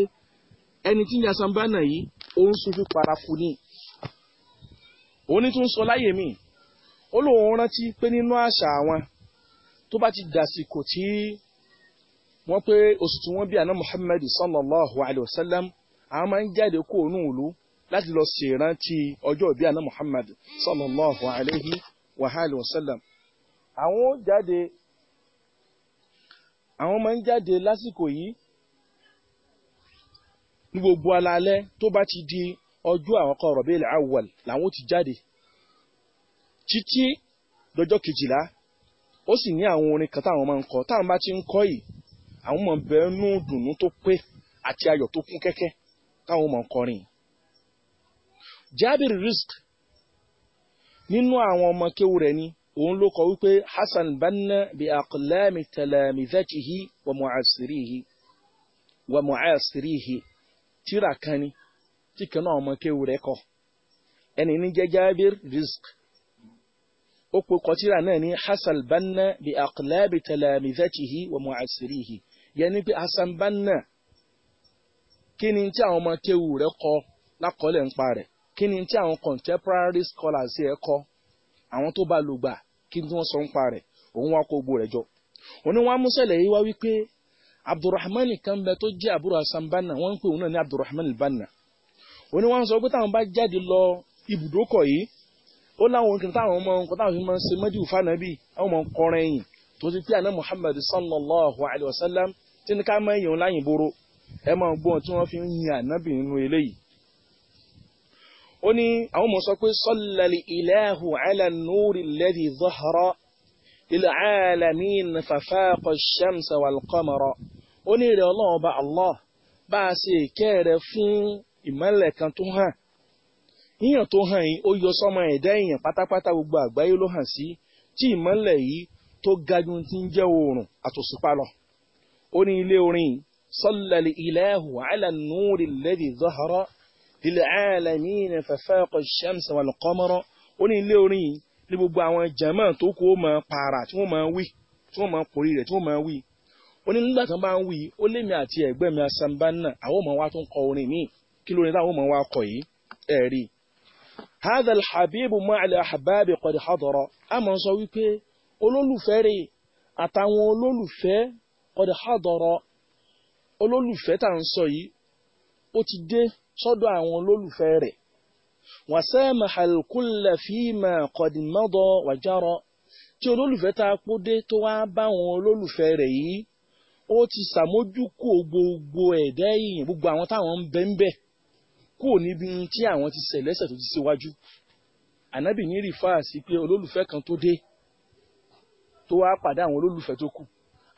ẹni tí ń yasan bá nà yìí ó ń sunjú paraku ní òní tún sọ láyè míì ó lóun rántí pé nínú àṣà àwọn tó bá ti dàsìkò tí wọ́n pé oṣù tí wọ́n bí àná Muhammad sallallahu alayhi wa sallam àwọn máa ń jáde kó òun ìlú láti lọ ṣèrántí ọjọ́ ìbí àná Muhammad sallallahu alayhi wa alihi wa sallam. àwọn jáde àwọn máa ń jáde lásìkò yìí ní gbogbo alalẹ́ tó bá ti di ọjọ́ àkọ́kọ́ Rabi'ul Awwal làwọn ti jáde títí dọjọ́ kejìlá ó sì ní àwọn orin kan táwọn máa ń kọ táwọn bá ti ń kọ yìí àwọn máa bẹ̀ẹ́nú dùnú tó pé àti ayọ̀ tó kún kẹ́kẹ́ táwọn máa ń kọrin yìí. jabir risk nínú àwọn ọmọ kéwú rẹ̀ ni òun ló kọ wípé hasan banna bi aqlami talamidhatihi wa mu'asirihi wa mu'asirihi tíra kan ni tí kan ọmọ kéwú kọ ẹni ní jẹ́ jábìrì risk ó pe kọtíra náà ní hasan banna bi aqlami talamidhatihi wa mu'asirihi yẹn ni hasan banna kí ni tí àwọn ọmọ kéwú kọ lákọọ́lẹ̀ ń rẹ̀ kí ni tí àwọn contemporary scholars yẹ kọ àwọn tó bá lò gbà kí ni wọ́n sọ ń pa rẹ̀ òun wá kó gbó rẹ̀ jọ. òun ni wọ́n á yìí wá wípé abdulrahman kan bẹ tó jẹ́ àbúrò hasan banna wọ́n ń pè òun náà ní abdulrahman banna. òun ni wọ́n sọ pé táwọn bá jáde lọ ibùdókọ̀ yìí ó láwọn kan táwọn ọmọ nǹkan táwọn fi máa ń ṣe mọ́jú fànàbí àwọn ọmọ kọrin ẹ̀yìn tó ti pé àná muhammad sallallahu alayhi wa sallam tí ní ká máa ń yẹun láyìnbóró ẹ máa gbọ́n tí wọ́n fi ń yin ànábì nínú eléyìí ó ní àwọn mọ̀ sọ pé sọ́lẹ̀lì ilahu ala nuri alladhi zahara lil'alamin fafaqa shamsa wal qamara ó ní ìrẹ̀ ọlọ́run ọba allah bá a ṣe ìkẹ́ rẹ̀ fún ìmọ́lẹ̀ kan tó hàn yíyàn tó hàn yìí ó yọ sọ́mọ ẹ̀dá èèyàn pátápátá gbogbo àgbáyé ló hàn sí tí ìmọ́lẹ̀ yìí tó ga jù ti ń jẹ́ oòrùn àtòṣùpá lọ ó ní ilé orin sọ́lẹ̀lì ilahu ala nuri alladhi للعالمين ففاق الشمس والقمر ó ní ilé orin yìí ní gbogbo àwọn jàmáà tó kó o máa para tí wọ́n máa wí tí wọ́n máa kórè rẹ̀ tí wọ́n máa wí ó ní nígbà tán bá ń wí ó lémi àti ẹ̀gbẹ́ mi asambanna àwọn ọmọ wa tó ń kọ orin míì kí lórin táwọn ọmọ wa kọ yìí ẹ̀ rí i. هذا الحبيب مع الأحباب قد حضر a máa sọ wípé olólùfẹ́ rè àtàwọn olólùfẹ́ قد حضر olólùfẹ́ tá à ń sọ yìí ó ti dé sọ́dọ̀ àwọn olólùfẹ́ rẹ̀ wàsáàmà àlùkùnlẹ̀ fíìmà kọ̀dìmọ́dọ̀ wàjárọ̀ tí olólùfẹ́ tá a pọ́ dé tó wá bá àwọn olólùfẹ́ rẹ̀ yìí ó ti sàmójúkú gbogbo ẹ̀dá èèyàn gbogbo àwọn táwọn ń bẹ́ ń bẹ̀ kúrò níbi tí àwọn ti ṣẹ̀ lẹ́sẹ̀ tó ti ṣíwájú ànábì ní rìfáàsì pé olólùfẹ́ kan tó dé tó wá pàdé àwọn olólùfẹ́ tó kù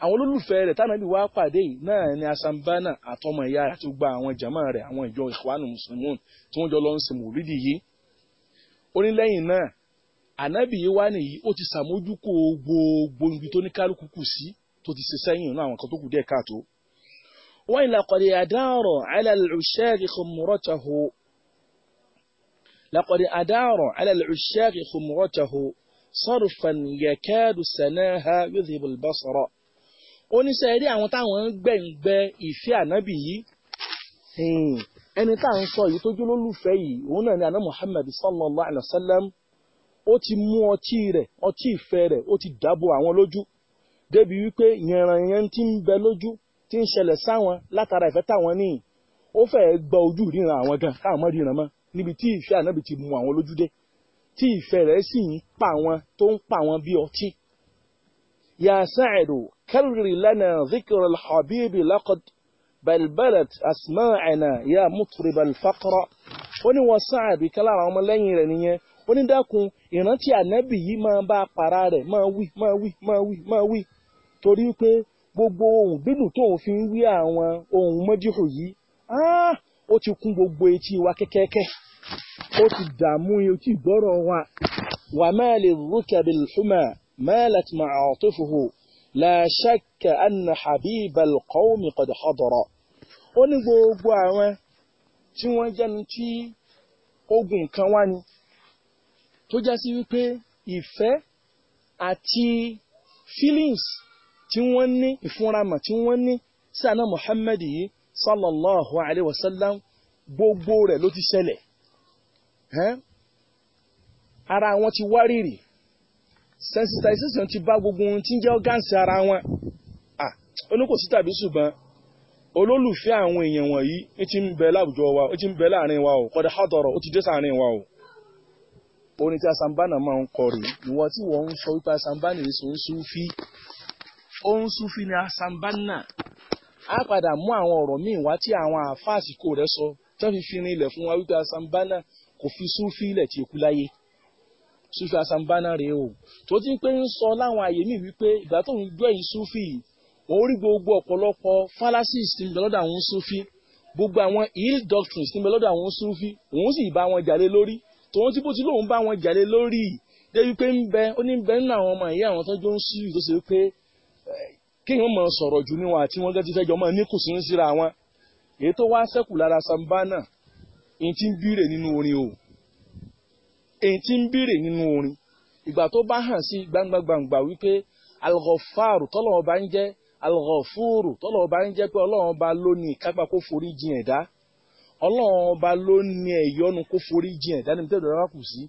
àwọn olólùfẹ́ rẹ̀ tánàbí wá pàdé yìí náà ni asambana àtọmọ ìyá àti gba àwọn jama rẹ̀ àwọn ìjọ ìkwánu mùsùlùmí tí wọ́n jọ lọ ń sin mòlídìí yìí ó ní lẹ́yìn náà ànábì yìí wá nìyí ó ti sàmójúkò gbogbo ibi tó ní kálukú kù sí tó ti ṣe sẹ́yìn náà àwọn kan tó kù díẹ̀ káàtó. wọ́n ìlà làkọ̀dé àdáàrọ̀ alàlùsẹ́ẹ̀kì kòmùrọ̀tàhó sarfan yakadu sanaha yudhibul basara oníṣẹ́ rí àwọn táwọn ń gbẹ̀ǹgbẹ́ ìfẹ́ ànábì yìí hmm. ẹni tá à ń sọ yìí tó lólùfẹ́ yìí òun náà ni àná Muhammad sallallahu alayhi wa sallam ó ti mú ọtí rẹ̀ ọtí ìfẹ́ rẹ̀ ó ti dábò àwọn lójú débi wípé yẹ̀rànyẹn ti ń bẹ lójú ti ń ṣẹlẹ̀ sáwọn látara ìfẹ́ táwọn ní ó fẹ́ẹ́ gba ojú ríran àwọn gan káwọn mọ́ ríran mọ́ níbi tí ìfẹ́ ànábì ti mú àwọn lójú dé tí ìfẹ́ rẹ̀ sì ń pa wọn tó ń pa wọn bí ọtí. yà كرر لنا ذكر الحبيب لقد بلبلت أسماعنا يا مطرب الفقر wọ́n ní wọ́n sáà bí kan lára ọmọ lẹ́yìn rẹ̀ nìyẹn wọ́n ní dákun ìrántí ànábì yìí máa bá para rẹ̀ máa wí gbogbo ohun gbídùn tó ń fi ń wí àwọn ohun mọ́díhù yìí ó ti kún gbogbo etí wa kẹ́kẹ́kẹ́ ó ti dààmú etí ìgbọ́rọ̀ wa wà máa lè rúkẹ́ bí lùfúmà máa la shakka anna habibal qawmi qad hadara ó ní gbogbo àwọn tí wọ́n jẹ́nu tí ogun kan wá ni tó já sí wípé ìfẹ́ àti feelings tí wọ́n ní ìfúnramọ̀ tí wọ́n ní sí àná Muhammad yìí sallallahu alayhi wa gbogbo rẹ̀ ló ti ṣẹlẹ̀ ara wọn ti wárìrì sensitization ti bá gbogbo ohun tí ń jẹ́ ọ́gáǹsì ara wọn oníkòsí ah, tàbí ṣùgbọ́n olólùfẹ́ àwọn èèyàn wọ̀nyí ó ti ń bẹ láwùjọ wa ó ti ń bẹ láàrin wa o kọ́dá hádọ̀rọ̀ ó ti dé sáàrin wa o orin tí asambana máa ń kọ rèé ìwọ tí wọ́n ń sọ wípé asambana yìí sọ ń súnfí ó ń súnfí ni asambana á padà mú àwọn ọ̀rọ̀ míì wá tí àwọn àfáàsìkò rẹ̀ sọ tó fi fi rin ilẹ̀ fún wa wípé asambana kò fi súnfí ilẹ̀ tí ó kú láyé sufi asambana rèé o tó ti ń pé ń sọ láwọn àyè míì wípé ìgbà tó ń gbọ́ yìí sufi òun rí gbogbo ọ̀pọ̀lọpọ̀ fallacies ti ń bẹ lọ́dọ̀ àwọn sufi gbogbo àwọn ill doctrines ti ń bẹ lọ́dọ̀ àwọn sufi òun sì bá wọn jàlé lórí tòun tí bó ti lóun bá wọn jàlé lórí débi pé ń bẹ ó ní ń bẹ nínú àwọn ọmọ ìyá àwọn tó ń sufi tó ṣe pé eh, kí wọ́n mọ̀ sọ̀rọ̀ jù níwọ̀n àti wọ́n gẹ́tí fẹ́jọ́ mọ́ níkùsùn síra wọn èyí tó wá sẹ́kù lára sambana èyí tí ń nínú orin o èyí tí ń bèrè nínú orin ìgbà tó bá hàn sí gbangba gbangba wípé alghaffaru tọ́lọ́wọ́n bá ń jẹ́ alghafuru tọ́lọ́wọ́n bá ń jẹ́ pé ọlọ́wọ́n bá ló ní ìkápá kó forí jìn ẹ̀dá ọlọ́wọ́n bá ló ní ẹ̀yọ́nu kó forí jìn ẹ̀dá níbi tẹ́lẹ̀ wá kù sí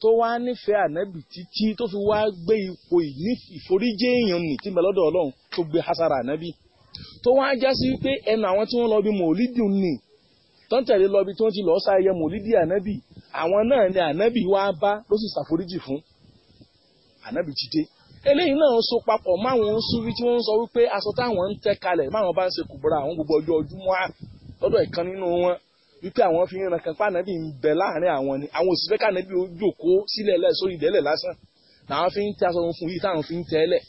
tó wá nífẹ̀ẹ́ ànábì títí tó fi wá gbé ipò ìforíjì èèyàn nì tí mẹlọ́dọ̀ ọlọ́run tó gbé hasara ànábì tó wá já sí pé ẹnu àwọn tí wọ́n lọ bí mòlídìí nì tọ́ntẹ̀lé lọ bí tí wọ́n ti lọ́ọ́ sáyẹ mòlídìí ànábì àwọn náà ni ànábì wá bá ló sì ṣàforíjì fún ànábì ti dé eléyìí náà so papọ̀ máwọn súnfí tí wọ́n ń sọ wípé aṣọ táwọn ń tẹ́ kalẹ̀ máwọn bá ń ṣe kùbúra àwọn gbogbo ọjọ́ ọdúnmọ́ lọ́dọ̀ ìkan nínú wọn wípé àwọn fi ń rankan pa ànábì ń bẹ láàrin àwọn ni àwọn òsì fẹ́ kànábì ó sílẹ̀ lẹ̀ sórí ìdẹ́lẹ̀ lásán làwọn fi ń tẹ aṣọ fún yìí táwọn fi ń tẹ́ lẹ̀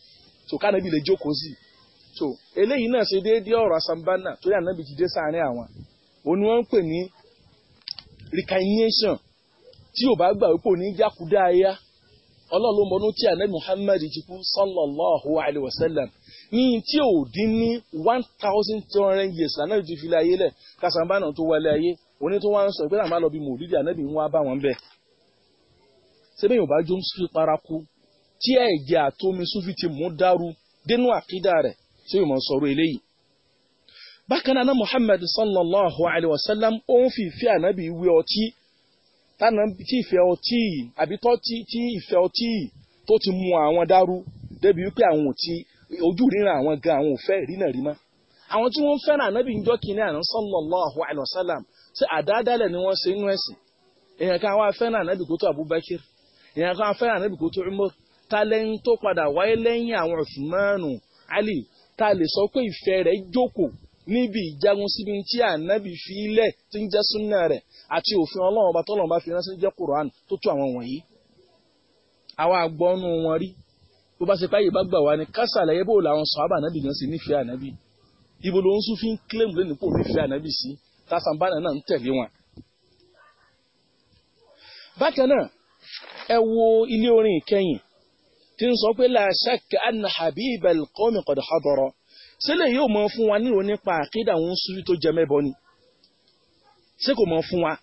so kànábì lè jókòó sí i so eléyìí náà ṣe déédéé ọ̀rọ̀ asambana torí ànábì ti dé sáàrin àwọn òun ni wọ́n ń pè ní recognition tí ò bá gbà wípé òní jákúdá ayá ọlọ́run mọ́nú tí ànábì Muhammad ti kú sallallahu alayhi wa sallam ní tí ò dín ní one thousand two hundred years ànábì ti fi láyé lẹ̀ kásánbá náà tó wálé ayé òní tó wá ń sọ pé àwọn máa lọ bí mòlídì ànábì ń wá bá wọn bẹ́ẹ̀. sẹ́bẹ̀ yóò bá jó ń sún paraku tí ẹ̀jẹ̀ àtomi sufi ti mú dáru dénú àkídà rẹ̀ tí yóò mọ̀ sọ̀rọ̀ eléyìí. bákan náà Muhammad sallallahu alayhi wa sallam ó ń fi ìfẹ́ ànábì wé ọtí tánà tí ìfẹ́ ọtí yìí àbí tí ìfẹ́ ọtí yìí tó ti mu àwọn dàrú débi wípé àwọn ò ti ojú ríran àwọn gan àwọn ò fẹ́ ìrìnà rí mọ́ àwọn tí wọ́n fẹ́ràn ànábì ń jọ́ kínní àná sallallahu alaihi wasallam ṣé àdáadáalẹ̀ ni wọ́n ṣe inú ẹ̀sìn èèyàn kan àwọn afẹ́ràn ànábì kó tó Abubakar èèyàn kan afẹ́ràn ànábì kó tó Umar ta lẹ́yìn tó padà wáyé lẹ́yìn àwọn Usmanu Ali ta lè sọ pé ìfẹ́ rẹ̀ jókòó níbi ìjagun síbi tí ànábì fi ilẹ̀ tí ń jẹ́ súnà rẹ̀ àti òfin ọlọ́run ọba tọ́lọ́run bá fi ránṣẹ́ jẹ́ kùránù tó tú àwọn wọ̀nyí. àwa àgbọ̀nù wọn rí bó bá ṣe fáyè bá gbà wá ní kásàlẹ̀ yẹ bó làwọn sàhábà ànábì gan sí nífẹ̀ẹ́ ànábì ibo ló ń sún fi ń kílẹ̀mù lé nípò nífẹ̀ẹ́ ànábì sí tásánbánà náà ń tẹ̀lé wọn. bákan náà ẹ wo ilé orin ìkẹyìn tí ń sọ pé la shakka anna habibal qawmi qad sílẹ̀ yóò mọ fún wa nírò nípa àkídà àwọn Sufi tó jẹ mẹ́bọ ni ṣé kò mọ fún wa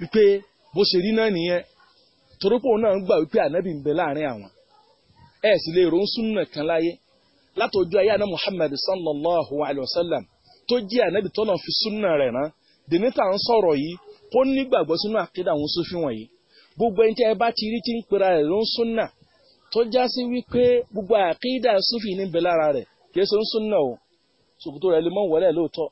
wípé bó ṣe rí náà nìyẹn torópò náà ń gbà wípé ànábì ń bẹ láàrin àwọn ẹ sì lè rò ń kan láyé látọjú ayé àná Muhammad sallallahu alayhi wa sallam tó jẹ́ ànábì tó náà fi súnmọ́ rẹ̀ rán dèní tá à ń sọ̀rọ̀ yìí kó nígbàgbọ́ sínú àkídà àwọn Sufi wọ̀nyí gbogbo ẹni tí ẹ bá ti rí tí ń pera rẹ̀ ló ń tó já sí wípé gbogbo àkídà Sufi ní bẹ lára rẹ̀ kìí ṣe ń súnà o ṣòkòtò rẹ̀ lè mọ́ wọlé lóòótọ́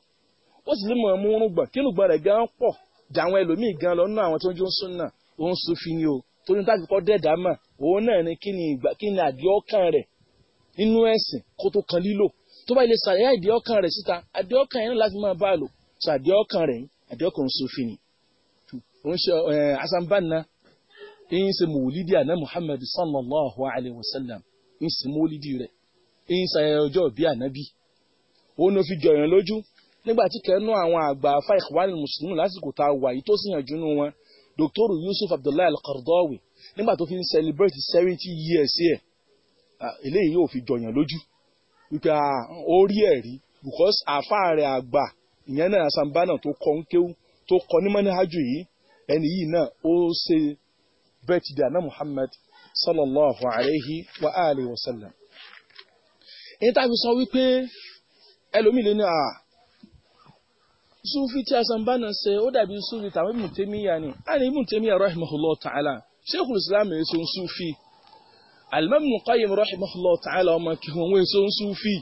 ó sì lè mọ̀ mú oorun gbọ̀n kí lùgbọ̀n rẹ̀ gan pọ̀ dàwọn ẹlòmíì gan lọ́nà àwọn tó ń jó ń súnà òun sufi ni o torí ní táàkì kọ́ dẹ̀dá mà òun náà ni kí ni ìgbà kí ni àdìọ́kàn rẹ̀ nínú ẹ̀sìn kó tó kan lílò tó bá ilé sàlẹ̀ àdìọ́kàn rẹ̀ síta àdìọ́kàn yẹn láti máa bá a lò sọ àdìọ́kàn rẹ̀ àdìọ́kàn sufi ni òun ṣe asanbanna ń ṣe mòlídìí àná Muhammad sallallahu alayhi wa sallam ń ṣe mòlídìí rẹ̀ ìsà ọjọ́ bíi ànábì òun ló fi jọ èèyàn lójú nígbà tí kẹ́nu àwọn àgbà afa Ikhwanul Muslimin lásìkò tá a wà yìí tó síyànjú nú wọn Dr. Yusuf Abdullahi Al-Qaradawi nígbà tó fi ń celebrate seventy years ẹ̀ eléyìí yóò fi jọ èèyàn lójú wípé ó rí ẹ̀rí because àfa rẹ̀ àgbà ìyẹn náà asambana tó kọ́ ń kéwú tó kọ́ ní mọ́níhájú yìí ẹni yìí náà ó ṣe bẹ́ẹ̀ ti dàná Muhammad sallallahu alayhi wa alihi wa sallam èyí tàbí sọ wípé ẹlòmíì ní à ah, sufi tí Hasan Banna ṣe ó dàbí sufi tàwọn Ibn Taymiyyah ni a ní Ibn Taymiyyah rahimahullah ta'ala Sheikhul Islam èso ń sufi Al-Imam Ibn Qayyim ta'ala ọmọ kìhùn wọn èso ń sufi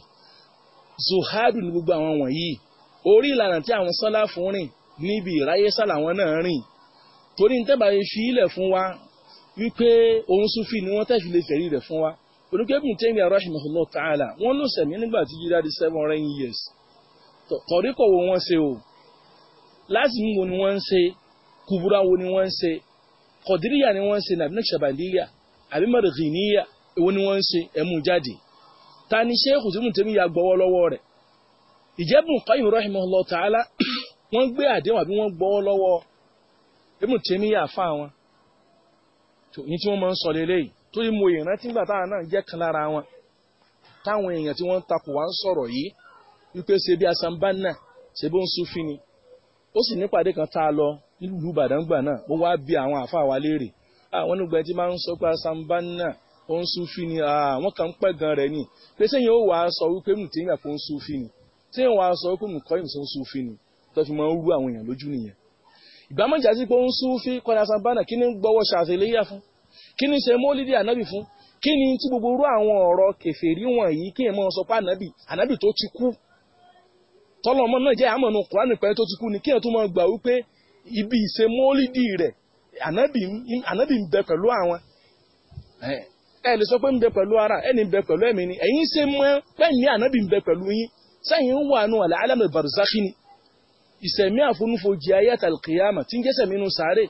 zuhadu ní gbogbo àwọn wọ̀nyí orí ìlànà tí àwọn sàláfù rìn níbi ìráyé sálà wọn náà rìn torí ní tẹ́bàá fi ilẹ̀ fún wa wípé òun sufi ni wọ́n tẹ́ fi lè fẹ̀rí rẹ̀ fún wa oníkẹ́bùn tẹ́ni rahimahullah ta'ala wọ́n ló sẹ̀mí nígbà tí jíjáde seven hundred years kọ̀ríkọ̀ wo wọ́n ṣe o lásìmú wo ni wọ́n ń ṣe kubura wo ni wọ́n ń ṣe kọ̀díríyà ni wọ́n ń ṣe nàbínú ṣàbàdíyà àbí mọ̀rẹ̀gìníyà èwo ni wọ́n ń ṣe ẹ̀mú jáde ta ni ṣéèkù tí mùtẹ́ yà gbọ́wọ́ lọ́wọ́ rẹ̀ ìjẹ́bùn qayyim rahimahullah ta'ala wọ́n gbé àdéhùn àbí wọ́n torí mo ìrántí gbà táwọn náà jẹ́ kan lára wọn táwọn èèyàn tí wọ́n ń takò wá ń sọ̀rọ̀ yìí wípé ṣe bí asambanna ṣe bó ń sunfin ni ó sì nípàdé kan tá a lọ nílùú Ìbàdàn gbà náà wọ́n wá bí àwọn àáfàá wa léèrè àwọn onígbà tí máa ń sọ pé asambanna ó ń sunfin ni àwọn kan ń pẹ́ gan rẹ̀ ni pé sẹ́yìn ó wà á sọ wípé mùtí ìyà kó ń sunfin ni sẹ́yìn wà á sọ wípé mùkọ́ ìmùsọ ń sunfin ni tó fi máa ń rú àwọn èèyàn lójú nìyẹn ìbámu sí pé ó ń sunfin kọ́ni asambanna kí ni gbọ́wọ́ ṣàtìlẹ́yà fún kí ni ṣe anabi ànábì fún kí ni tí gbogbo irú àwọn ọ̀rọ̀ kèfèrí wọ̀nyí kí ẹ̀ mọ́ sọ pé ànábì ànábì tó ti kú tọ́lọ́mọ náà jẹ́ àmọ̀nù kùránì pẹ́ tó ti kú ni kí ẹ̀ tó máa gbà wípé ibi ìṣe mólídì rẹ̀ ànábì ń bẹ pẹ̀lú àwọn ẹ lè sọ pé ń ara ẹni ń bẹ pẹ̀lú ẹ̀mí ni ẹ̀yin ṣe mọ́ pẹ́ẹ́mí ànábì ń bẹ pẹ̀lú yín sẹ́yìn ń wà barzakhi ni ìṣẹ̀mí àfonúfojì ayé àtàlùkìyàmà tí ń sáré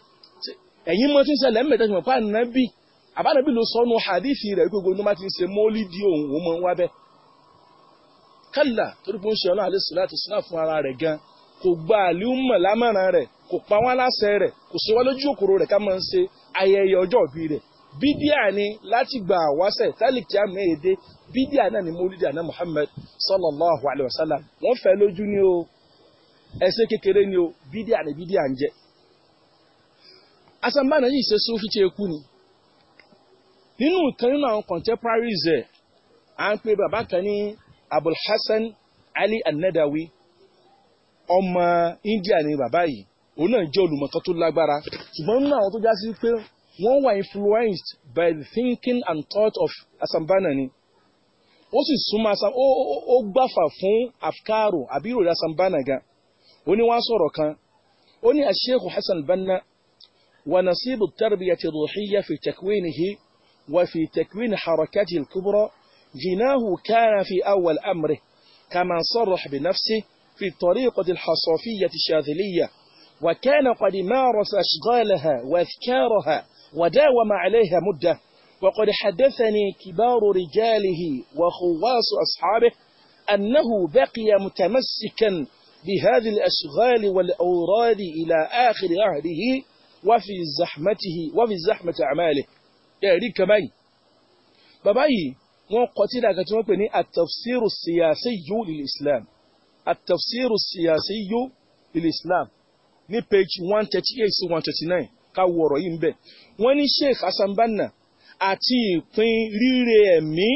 ẹ̀yin mọ́ tí ń ṣẹlẹ̀ ń àbánàbí ló sọ́nu hadithi rẹ̀ wípé gbogbo bá ti ń ṣe mọ́lídì òun òun mọ́ ń wá bẹ́ kálà torí pé ó ń ṣe ọ̀nà àlẹ́sùn láti sinà fún ara rẹ̀ gan kò gba àlíúmọ̀ lámọ̀ràn rẹ̀ kò pa wọ́n láṣẹ rẹ̀ kò ṣe wá lójú òkòrò rẹ̀ ká máa ń ṣe ayẹyẹ ọjọ́ ìbí rẹ̀ bídíà ni láti gba àwáṣẹ tálíkì àmì èdè bídíà náà ni mọ́lídì àná Muhammad sallallahu alayhi wa sallam wọ́n fẹ́ lójú ni o ẹsẹ kékeré ni o bídíà ni bídíà ń jẹ asambana yìí ṣe sófin tí eku ni nínú kan nínú àwọn contemporaries ẹ̀ à ń pe bàbá kan ní abulhassan ali anadawi ọmọ india ni bàbá yìí òun náà jẹ́ olùmọ̀kan tó lágbára ṣùgbọ́n nínú àwọn tó já sí pé wọ́n wà influenced by the thinking and thought of asambana ni ó sì súnmọ́ asam ó ó ó gbàfà fún afkaro àbí ìròyìn asambana gan ó ní wọ́n sọ̀rọ̀ kan ó ní asheikh hasan banna wa nasibu tarbiyati ruhiyya fi takwinihi وفي تكوين حركته الكبرى جناه كان في أول أمره كما صرح بنفسه في الطريقة الحصافية الشاذلية وكان قد مارس أشغالها وأذكارها وداوم عليها مدة وقد حدثني كبار رجاله وخواص أصحابه أنه بقي متمسكا بهذه الأشغال والأوراد إلى آخر عهده وفي زحمته وفي زحمة أعماله ẹ̀rí kan báyìí bàbá yìí wọ́n kọ tí dàgbà tí wọ́n pè ní àtàfsírù siyasiyyu lil islam àtàfsírù siyasiyyu lil islam ní page one thirty eight sí one thirty nine ká wo ọ̀rọ̀ yìí ń bẹ̀ wọ́n ní sheikh Hassan Banna àti ìpín ríre ẹ̀mí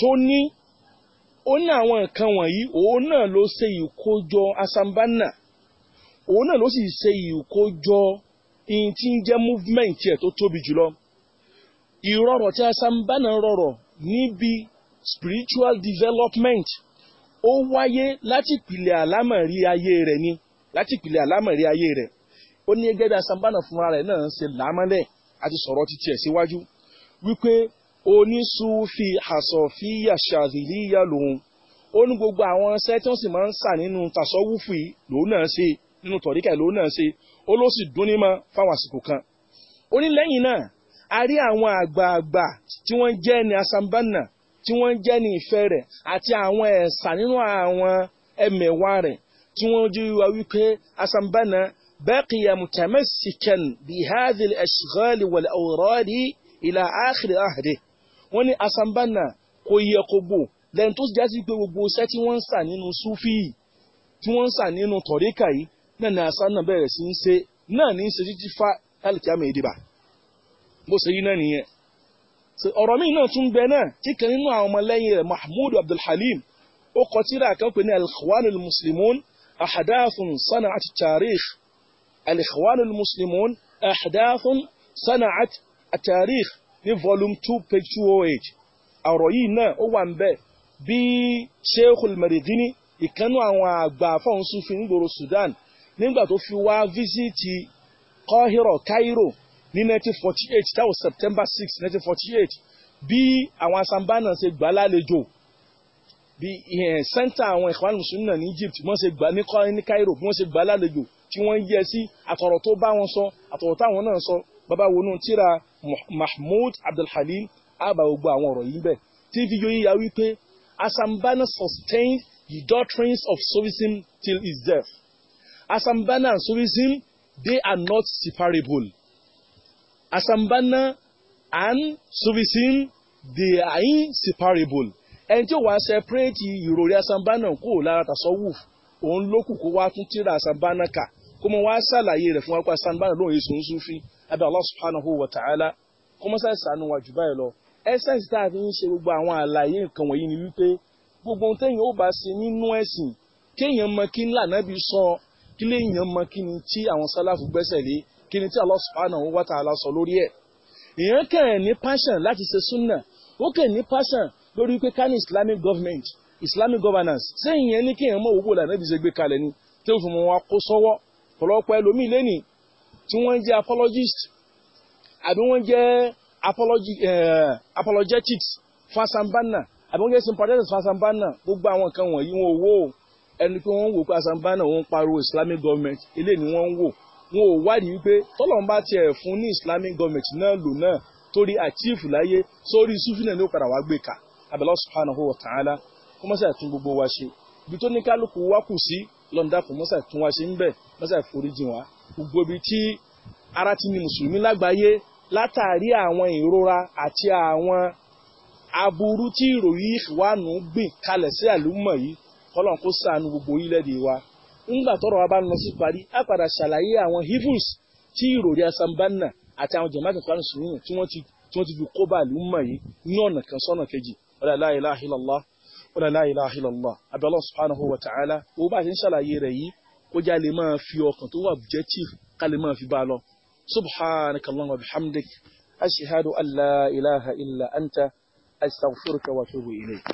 tó ní ó ní àwọn nǹkan wọ̀nyí òun náà ló ṣe ìkójọ Hassan Banna òun náà ló sì ṣe ìkójọ ìyìn tí ń jẹ́ movement ẹ̀ tó tóbi jùlọ ìrọ̀rọ̀ tí asambana rọ̀rọ̀ níbi spiritual development ó wáyé láti ìpìlẹ̀ àlámọ̀rí ayé rẹ̀ ni láti ìpìlẹ̀ àlámọ̀rí ayé rẹ̀ ó ní gẹ́gẹ́ bí asambana fúnra rẹ̀ náà ṣe làámọ́lẹ̀ àti sọ̀rọ̀ ti tiẹ̀ síwájú wípé oníṣúfì àsọ̀fíyà ṣàdìlíyà lòun ó ní gbogbo àwọn iṣẹ́ tí wọ́n sì máa ń sà nínú tàṣọ́wùfù lòun náà ṣe nínú tọ̀ríkà lòun náà ṣe ó ló sì dún ní mọ́ fáwọn àsìkò kan ó ní lẹ́yìn náà a rí àwọn àgbààgbà tí wọ́n jẹ́ ní asambanna tí wọ́n jẹ́ ní ìfẹ́ rẹ̀ àti àwọn ẹ̀sà nínú àwọn ẹ̀mẹ̀wá rẹ̀ tí wọ́n jí wa wípé asambanna baqiya mutamassikan bihadhil ashghali wal awradi ila akhir ahdi wọ́n ní asambanna kò yẹ kó gbò lẹ́yìn tó jásí pé gbogbo iṣẹ́ tí wọ́n ń sà nínú súfì tí wọ́n ń sà nínú tọ̀ríkà yìí náà ní àṣà náà bẹ̀rẹ̀ sí ń ṣe náà ní í ṣe títí fa alìkíyàmù ìdìbà bó ṣe yí náà nìyẹn ọ̀rọ̀ míì náà tún bẹ náà tí kan nínú àwọn ọmọlẹ́yìn rẹ̀ Mahmud Abdulhalim ó kọ tírà kan pè ní al-Ikhwanul Muslimun ahadathun sana'at tarikh al-Ikhwanul Muslimun ahadathun sana'at tarikh ní volume two page two oh eight ọ̀rọ̀ yìí náà ó wà ń bẹ bí Sheikhul Marigini ìkànnú àwọn àgbà fáwọn sufi Sudan nígbà tó fi wá fíṣítì Kọ́hírọ̀ Cairo ní 1948 That was September 6 1948 bí àwọn asambana ṣe gbà lálejò bí eh, sẹ́ńtà àwọn Ikhwan Muslimin ní Egypt wọ́n ṣe gbà ní Cairo bí wọ́n ṣe gbà lálejò tí wọ́n yẹ sí àtọ̀rọ̀ tó bá wọn sọ àtọ̀rọ̀ táwọn náà sọ bàbá wọnú tíra Mahmoud Abdulhalim àbá gbogbo àwọn ọ̀rọ̀ yìí bẹ̀ tí fídíò yìí yà wípé asambana sustained the doctrines of Sufism till his death Asambana and Sufism, they are not separable. Asambana and Sufism, they are inseparable. Ẹni tí ó wá separate ìròrí Asambana kúrò lára tasawuf, òun ló kù kó wá tún tíra Asambana kà, kó mọ wá ṣàlàyé rẹ̀ fún wa pé Asambana lóun yìí sùn Sufi, abẹ́ Allah subhanahu wa ta'ala, kó mọ́ sàṣàánú wa jù báyìí lọ. Essence tá a fi ń ṣe gbogbo àwọn àlàyé nǹkan wọ̀nyí ni wípé gbogbo ohun tẹ́yìn ó bá ṣe nínú ẹ̀sìn kéèyàn mọ kí ńlá náà bí sọ kí léèyàn mọ kí ni tí àwọn sálàfù gbẹ́sẹ̀ lé kí ni tí Allah subhanahu wa ta'ala sọ lórí ẹ̀ èèyàn kàn ní passion láti ṣe súnà ó kàn ní passion lórí pé ká ní islamic government islamic governance ṣé ìyẹn ní kí èèyàn mọ òwúwo lànà ìbísẹ̀ gbé kalẹ̀ ni tí ó fi mọ wọn kó sọ́wọ́ ọ̀pọ̀lọpọ̀ ẹlòmíì lẹ́nì tí wọ́n jẹ́ apologist àbí wọ́n jẹ́ apologetics fasambanna àbí wọ́n jẹ́ sympathetics fasambanna gbogbo àwọn nǹkan wọ̀nyí wọn ò wó o ẹni pé wọ́n ń wò pé Asambana wọ́n ń Islamic government eléyìí ni wọ́n ń wò wọn ò wádìí wípé tọ́lọ́mbà tiẹ̀ fún ní Islamic government náà lò náà torí àchífù láyé sórí sùfìnà ní ó padà wá gbé ka abẹ́lẹ́ subhanahu wa ta'ala kó mọ́sá tún gbogbo wa ṣe ibi tó ní kálukú wá kù sí lọ́ndà kó mọ́sá tún wá ṣe ń bẹ̀ mọ́sá foríjì wá gbogbo ibi tí ara ti ní mùsùlùmí lágbàáyé látàrí àwọn ìrora àti àwọn aburú tí ìròyìn ìwánu gbìn kalẹ̀ sí àlùmọ̀ yìí kọ́lọ́n kó sànù gbogbo orílẹ̀-èdè wa ńgbà tọ́rọ̀ wa bá ń lọ sí parí á padà ṣàlàyé àwọn hivus tí ìròrí asambanna àti àwọn jamaatu kan sùúrù tí wọ́n ti fi kó báàlú mọ̀ yìí ní ọ̀nà kan sọ́nà kejì ọ̀là la ilaha illallah ọ̀là la ilaha illallah abẹ́lọ́ subhanahu wa ta'ala owó bá ti ń ṣàlàyé rẹ̀ yìí kó já lè máa fi ọkàn tó wà objective ká lè máa fi bá lọ subhanakallahu wa wa atubu ilayk